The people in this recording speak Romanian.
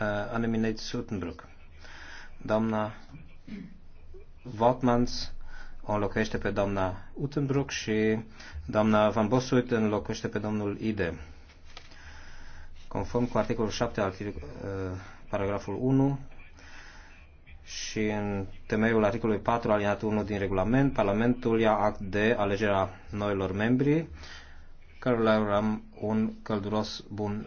Uh, Anneminet Sutenbruck. Doamna Votmans înlocuiește pe doamna Utenbruck și doamna Van Bossuit înlocuiește pe domnul Ide. Conform cu articolul 7 al uh, paragraful 1 și în temeiul articolului 4 aliniatul 1 din regulament, Parlamentul ia act de alegerea noilor membri, care cărora un călduros bun